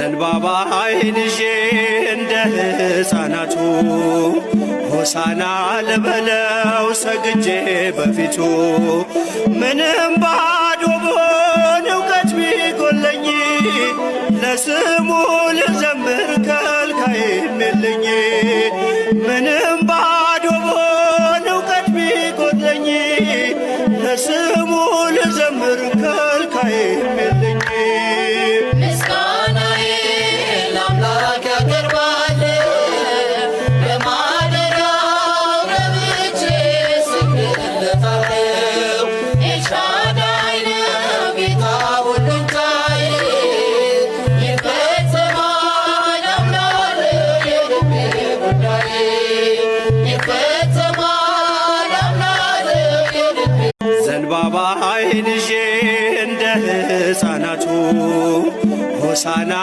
ዘንባባ አይልዤ እንደ ሕፃናቱ ሆሳና ልበለው ሰግጄ በፊቱ ምንም ባዶ ብሆን እውቀት ቢጎለኝ ለስሙ ልዘምር ከልካይ የለኝ። ምንም ባዶ ብሆን እውቀት ቢጎለኝ ለስሙ ልዘምር ከልካይ ዘንባባ አይንዤ እንደ ህፃናቱ ሆሳና